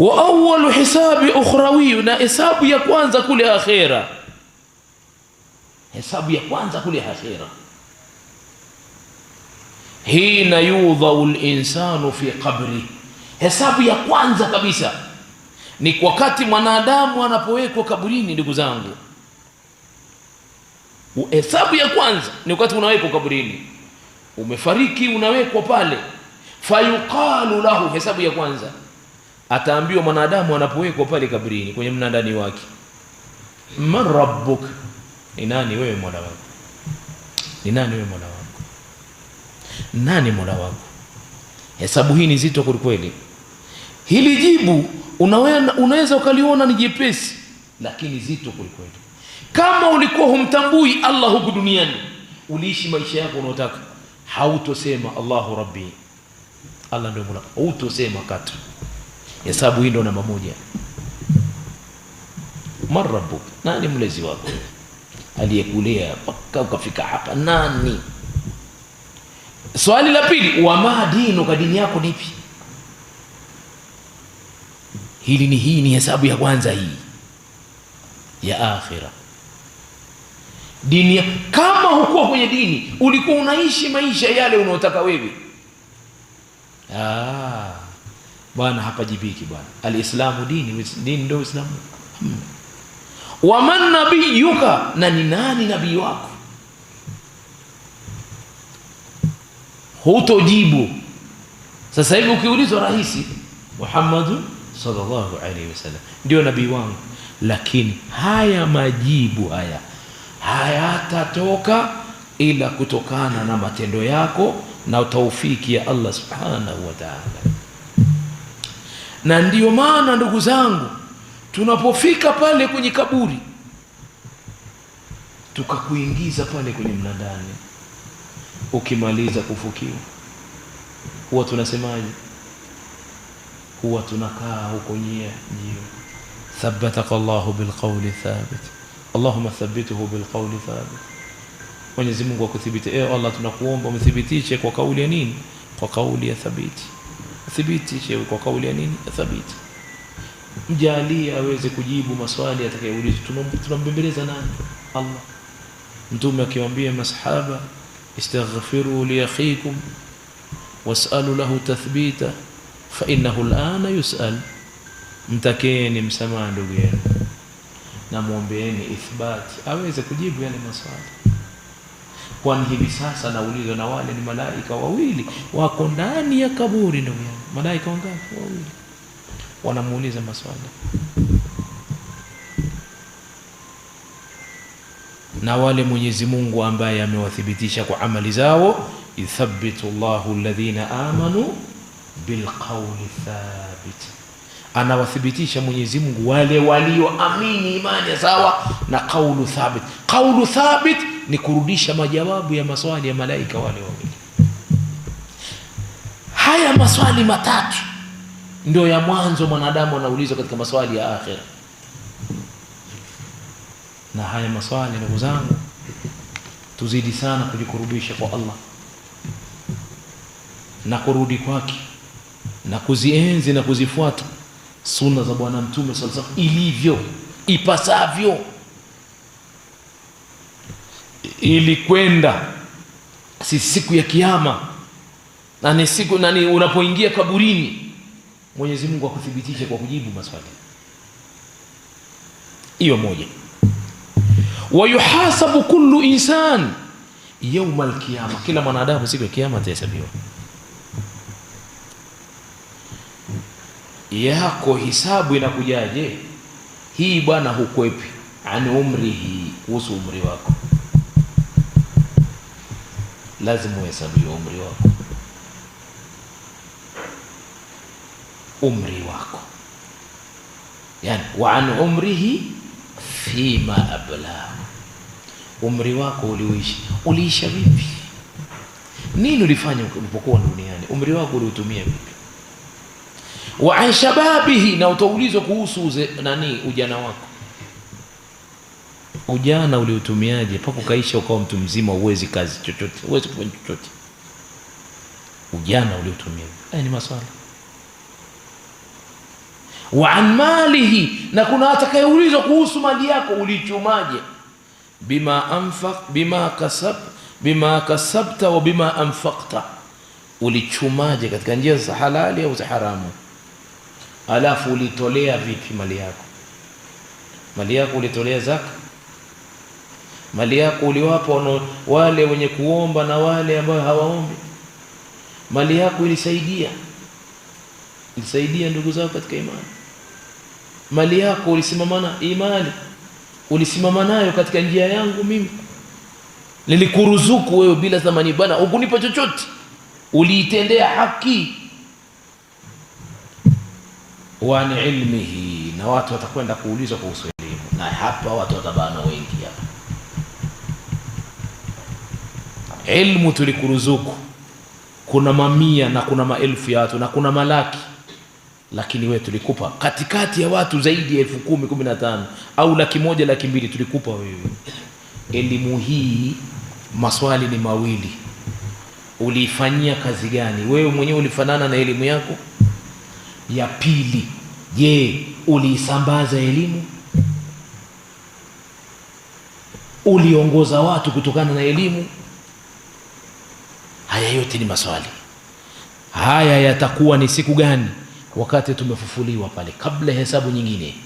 wa hisabi ukhrawi, na hesabu ya kwanza kule akhera, hesabu ya kwanza kule akhera. Hina yudhau linsanu fi qabri, hesabu ya kwanza kabisa ni wakati mwanadamu anapowekwa kaburini. Ndugu zangu, hesabu ya kwanza ni wakati unawekwa kaburini, umefariki, unawekwa pale. Fayuqalu lahu, hesabu ya kwanza ataambiwa mwanadamu anapowekwa pale kabrini kwenye mnandani wake, man rabbuk, ni nani wewe mola wako? Ni nani wewe mola wako? Nani mola wako? Hesabu hii ni zito kwelikweli. Hili jibu unaweza, ukaliona ni jepesi, lakini zito kwelikweli. Kama ulikuwa humtambui Allah huku duniani, uliishi maisha yako unaotaka, hautosema Allahu rabbi, Allah ndio mola, hautosema katu Hesabu hii ndo namba moja. Man nani mlezi wako aliyekulea mpaka ukafika hapa? Nani? Swali la pili, wama ka dini yako nipi? Hili ni hii ni hesabu ya kwanza hii ya akhira dini. Kama hukuwa kwenye dini, ulikuwa unaishi maisha yale unaotaka wewe ah bwana hapajibiki bwana. Alislamu dini dini ndio islamu Hmm. Waman nabiyuka, na ni nani nabii wako? Hutojibu. Sasa hivi ukiulizwa rahisi, Muhammadu sallallahu alaihi wasallam ndio nabii wangu, lakini haya majibu haya hayatatoka ila kutokana na matendo yako na taufiki ya Allah subhanahu wataala na ndiyo maana ndugu zangu, tunapofika pale kwenye kaburi tukakuingiza pale kwenye mnadani, ukimaliza kufukiwa, huwa tunasemaje? Huwa tunakaa huko nyia jio, thabataka llahu bilqauli thabit, allahuma thabituhu bilqauli thabit. Mwenyezi Mungu akuthibiti, e Allah, tunakuomba umthibitishe kwa kauli ya nini? Kwa kauli ya thabiti. Thibiti shehe kwa kauli ya nini? Thabiti. mjali aweze kujibu maswali atakayeulizwa Tunambembeleza nani? Allah. Mtume akiwaambia masahaba, istaghfiru li akhikum was'alu lahu tathbita fa innahu al'ana yus'al, mtakeni msamaha ndugu yenu namwombeeni ithbati aweze kujibu yale maswali kwani hivi sasa naulizwa na wale ni malaika wawili wako ndani ya kaburi. Ndugu yangu, malaika wangapi? Wawili. Wanamuuliza maswali na wale Mwenyezi Mungu ambaye amewathibitisha kwa amali zao, yuthabitu llahu alladhina amanu bilqawli thabit, anawathibitisha Mwenyezi Mungu wale walioamini imani sawa na qawlu thabit. Qawlu thabit ni kurudisha majawabu ya maswali ya malaika wale wawili. Haya maswali matatu ndio ya mwanzo mwanadamu anaulizwa katika maswali ya akhira, na haya maswali ndugu zangu, tuzidi sana kujikurubisha kwa Allah na kurudi kwake na kuzienzi na kuzifuata sunna za Bwana Mtume sallallahu alaihi wasallam ilivyo ipasavyo ilikwenda si siku ya kiama na ni siku na ni unapoingia kaburini, Mwenyezi Mungu akuthibitishe kwa kujibu maswali. Hiyo moja, wayuhasabu yuhasabu kullu insan yauma alkiyama, kila mwanadamu siku ya kiama atahesabiwa. Yako hisabu inakujaje hii bwana? Hukwepi an umrihi, kuhusu umri wako lazima uhesabiwe umri wako, umri wako yani, wa an umrihi fima ablahu, umri wako uliuishi, uliisha vipi? Nini ulifanya ulipokuwa duniani? Umri wako uliutumia vipi? wa an shababihi, na utaulizwa kuhusu uze, nani ujana wako ujana uliutumiaje mpaka ukaisha ukawa mtu mzima, uwezi kazi chochote, uwezi kufanya chochote? Ujana uliotumia haya eh, ni maswala wa an malihi, na kuna atakayeulizwa kuhusu mali yako ulichumaje? Bima anfaq bima kasab bima kasabta wa bima anfaqta, ulichumaje katika njia za halali au za haramu? Alafu ulitolea vipi mali yako? Mali yako ulitolea zaka mali yako uliwapa wale wenye kuomba na wale ambao hawaombi. Mali yako ilisaidia ilisaidia ndugu zako katika imani. Mali yako ulisimamana imani, ulisimama nayo katika njia yangu mimi. Nilikuruzuku wewe bila thamani bana, ukunipa chochote, uliitendea haki. Wani ilmihi, na watu watakwenda kuulizwa kuhusu elimu, na hapa watu watabana Ilmu tulikuruzuku, kuna mamia na kuna maelfu ya watu na kuna malaki, lakini wewe tulikupa katikati ya watu zaidi ya elfu kumi kumi na tano au laki moja laki mbili tulikupa wewe elimu hii. Maswali ni mawili, uliifanyia kazi gani? Wewe mwenyewe ulifanana na elimu yako? Ya pili, je, uliisambaza elimu? Uliongoza watu kutokana na elimu? yote ni maswali. Haya yatakuwa ni siku gani? Wakati tumefufuliwa pale, kabla hesabu nyingine.